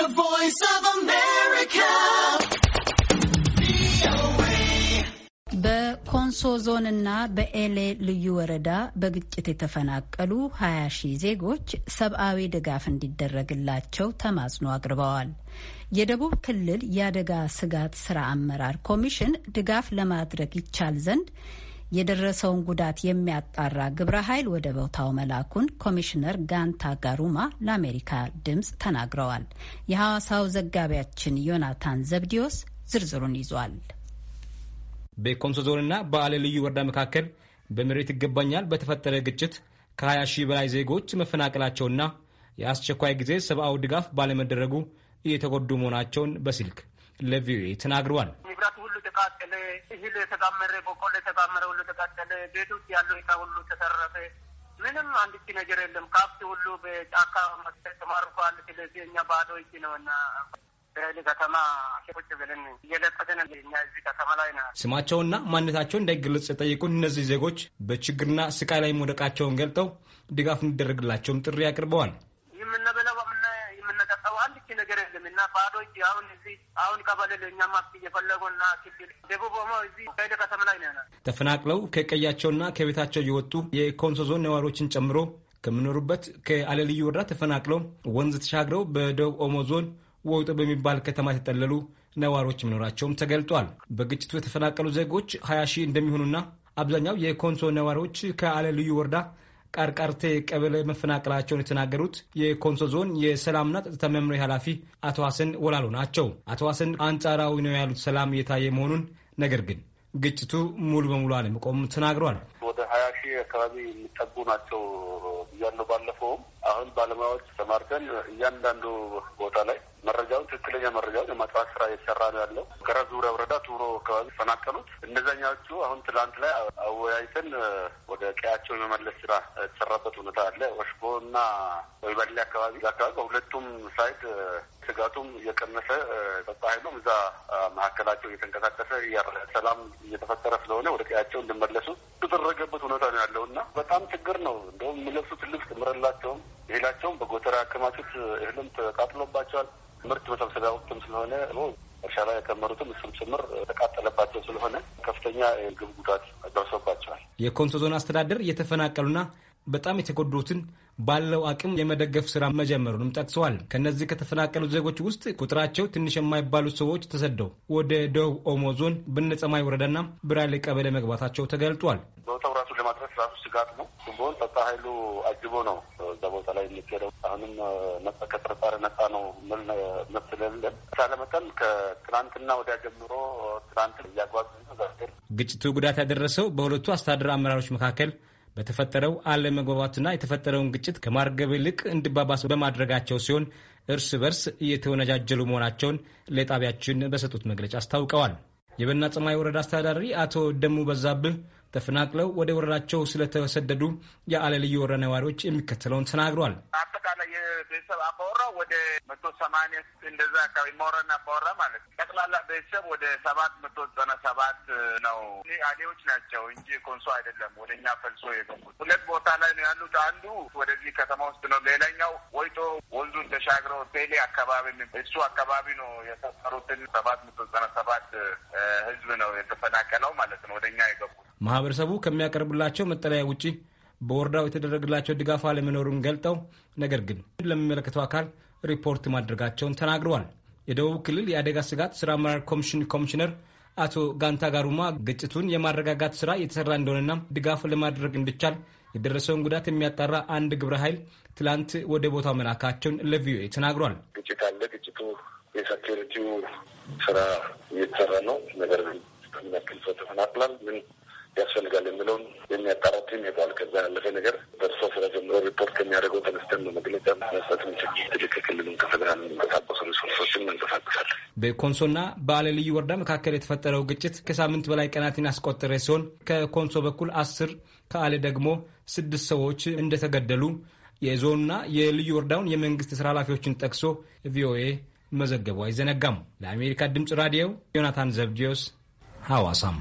The Voice of America. በኮንሶ ዞንና በኤሌ ልዩ ወረዳ በግጭት የተፈናቀሉ 20 ሺህ ዜጎች ሰብአዊ ድጋፍ እንዲደረግላቸው ተማጽኖ አቅርበዋል። የደቡብ ክልል የአደጋ ስጋት ስራ አመራር ኮሚሽን ድጋፍ ለማድረግ ይቻል ዘንድ የደረሰውን ጉዳት የሚያጣራ ግብረ ኃይል ወደ ቦታው መላኩን ኮሚሽነር ጋንታ ጋሩማ ለአሜሪካ ድምፅ ተናግረዋል። የሐዋሳው ዘጋቢያችን ዮናታን ዘብዲዮስ ዝርዝሩን ይዟል። በኮንሶ ዞንና በአሌ ልዩ ወረዳ መካከል በመሬት ይገባኛል በተፈጠረ ግጭት ከ20 ሺህ በላይ ዜጎች መፈናቀላቸውና የአስቸኳይ ጊዜ ሰብአዊ ድጋፍ ባለመደረጉ እየተጎዱ መሆናቸውን በስልክ ለቪኦኤ ተናግረዋል። ተቃጠለ፣ እህል የተጣመረ በቆሎ የተጣመረ ሁሉ ተቃጠለ። ቤት ውስጥ ያለው እቃ ሁሉ ተተረፈ። ምንም አንዲት ነገር የለም። ከብት ሁሉ በጫካ መሰል ተማርኳል። ስለዚህ እኛ ባዶ እጅ ነው እና በሌሊ ከተማ ቁጭ ብለን እየለቀትን እኛ እዚህ ከተማ ላይ ነ ስማቸውና ማንነታቸው እንዳይገለጽ የጠየቁን እነዚህ ዜጎች በችግርና ስቃይ ላይ መውደቃቸውን ገልጠው ድጋፍ እንዲደረግላቸውም ጥሪ አቅርበዋል። ነገር የለም እና ባዶ እጅ አሁን እዚ አሁን ቀበሌ ለእኛ ማፍት እየፈለጉና ክልል ደቡብ ኦሞ እዚህ ከሄደ ከተማ ላይ ነው። ተፈናቅለው ከቀያቸውና ከቤታቸው እየወጡ የኮንሶ ዞን ነዋሪዎችን ጨምሮ ከምኖሩበት ከአለልዩ ወረዳ ተፈናቅለው ወንዝ ተሻግረው በደቡብ ኦሞ ዞን ወውጥ በሚባል ከተማ የተጠለሉ ነዋሪዎች መኖራቸውም ተገልጧል። በግጭቱ የተፈናቀሉ ዜጎች ሀያ ሺህ እንደሚሆኑና አብዛኛው የኮንሶ ነዋሪዎች ከአለልዩ ወረዳ ቀርቀርቴ ቀበሌ መፈናቀላቸውን የተናገሩት የኮንሶ ዞን የሰላምና ጸጥታ መምሪያ ኃላፊ አቶ ሀሰን ወላሎ ናቸው። አቶ ሀሰን አንጻራዊ ነው ያሉት ሰላም እየታየ መሆኑን ነገር ግን ግጭቱ ሙሉ በሙሉ አለመቆም ተናግሯል። ሀያ ሺህ አካባቢ የሚጠጉ ናቸው ብያለሁ። ባለፈውም አሁን ባለሙያዎች ተማርተን እያንዳንዱ ቦታ ላይ መረጃውን ትክክለኛ መረጃውን የማጥራት ስራ እየተሰራ ነው ያለው። ገራ ዙሪያ ወረዳ ቱሮ አካባቢ ተፈናቀሉት እነዛኛዎቹ አሁን ትላንት ላይ አወያይተን ወደ ቀያቸው የመመለስ ስራ የተሰራበት ሁኔታ አለ። ወሽቦ እና ወይበሌ አካባቢ አካባቢ በሁለቱም ሳይድ ስጋቱም እየቀነሰ ጸጥታ ኃይሉም እዛ መካከላቸው እየተንቀሳቀሰ ሰላም እየተፈጠረ ስለሆነ ወደ ቀያቸው እንድመለሱ የተደረገበት ሁኔታ ነው ያለው እና በጣም ችግር ነው። እንደውም የሚለብሱት ልብስ ምረላቸውም እህላቸውም በጎተራ ያከማቹት እህልም ተቃጥሎባቸዋል። ምርት መሰብሰቢያ ወቅትም ስለሆነ እርሻ ላይ የከመሩትም እሱም ጭምር ተቃጠለባቸው ስለሆነ ከፍተኛ የግብ ጉዳት ደርሶባቸዋል። የኮንሶ ዞን አስተዳደር እየተፈናቀሉና በጣም የተጎዱትን ባለው አቅም የመደገፍ ስራ መጀመሩንም ጠቅሰዋል። ከእነዚህ ከተፈናቀሉ ዜጎች ውስጥ ቁጥራቸው ትንሽ የማይባሉ ሰዎች ተሰደው ወደ ደቡብ ኦሞ ዞን ብነጸማይ ወረዳና ብራሌ ቀበሌ መግባታቸው ተገልጧል። ቦታው ለማድረስ ራሱ ስጋት ነው። ቢሆን ጸጥታ ኃይሉ አጅቦ ነው እዛ ቦታ ላይ የሚገደው። አሁንም ከጥርጣሬ ነጻ ነው ምል መስለለን ሳለመጠን ከትናንትና ወዲያ ጀምሮ ትናንት እያጓዝ ግጭቱ ጉዳት ያደረሰው በሁለቱ አስተዳደር አመራሮች መካከል በተፈጠረው አለመግባባትና የተፈጠረውን ግጭት ከማርገብ ይልቅ እንዲባባስ በማድረጋቸው ሲሆን እርስ በርስ እየተወነጃጀሉ መሆናቸውን ለጣቢያችን በሰጡት መግለጫ አስታውቀዋል። የበና ጸማይ ወረዳ አስተዳዳሪ አቶ ደሙ በዛብህ ተፈናቅለው ወደ ወረዳቸው ስለተሰደዱ የአለ ልዩ ወረዳ ነዋሪዎች የሚከተለውን ተናግሯል። አጠቃላይ የቤተሰብ አባወራ ወደ መቶ ሰማንያ እንደዛ አካባቢ መረና አባወራ ማለት ነው ጠቅላላ ቤተሰብ ወደ ሰባት መቶ ዘጠና ሰባት ነው። አዴዎች ናቸው እንጂ ኮንሶ አይደለም ወደ እኛ ፈልሶ የገቡት። ሁለት ቦታ ላይ ነው ያሉት። አንዱ ወደዚህ ከተማ ውስጥ ነው፣ ሌላኛው ወይጦ ወንዙን ተሻግረው ቴሌ አካባቢ እሱ አካባቢ ነው የሰፈሩትን ሰባት መቶ ዘጠና ሰባት ህዝብ ነው የተፈናቀለው ማለት ነው ወደ እኛ የገቡት። ማህበረሰቡ ከሚያቀርብላቸው መጠለያ ውጪ በወረዳው የተደረገላቸው ድጋፍ አለመኖሩን ገልጠው ነገር ግን ለሚመለከተው አካል ሪፖርት ማድረጋቸውን ተናግረዋል። የደቡብ ክልል የአደጋ ስጋት ስራ አመራር ኮሚሽን ኮሚሽነር አቶ ጋንታ ጋሩማ ግጭቱን የማረጋጋት ስራ የተሰራ እንደሆነና ድጋፍ ለማድረግ እንዲቻል የደረሰውን ጉዳት የሚያጣራ አንድ ግብረ ኃይል ትላንት ወደ ቦታው መላካቸውን ለቪኦኤ ተናግሯል። ግጭት አለ። ግጭቱ የሴኪሪቲው ስራ እየተሰራ ነው። ነገር ግን ተፈናቅሏል። ምን ያስፈልጋል የሚለውን የሚያጣራ ቲም ሄዷል። ከዛ ያለፈ ነገር በእርሶ ስራ ጀምሮ ሪፖርት ከሚያደርገው ተነስተን መግለጫ መስጠት ምችል ትልቅ ክልል ከፌደራል የሚንቀሳቀሱ ሪሶርሶችን መንቀሳቀሳል። በኮንሶና በአለ ልዩ ወረዳ መካከል የተፈጠረው ግጭት ከሳምንት በላይ ቀናትን ያስቆጠረ ሲሆን ከኮንሶ በኩል አስር ከአለ ደግሞ ስድስት ሰዎች እንደተገደሉ የዞንና የልዩ ወረዳውን የመንግስት ስራ ኃላፊዎችን ጠቅሶ ቪኦኤ መዘገቡ አይዘነጋም። ለአሜሪካ ድምፅ ራዲዮ ዮናታን ዘብዲዮስ ሐዋሳም